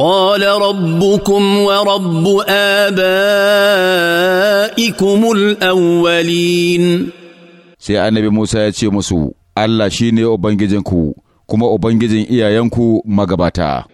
قال ربكم ورب آبائكم الأولين sai annabi Musa ya ce musu, Allah shi ne Ubangijinku, kuma Ubangijin iyayenku magabata.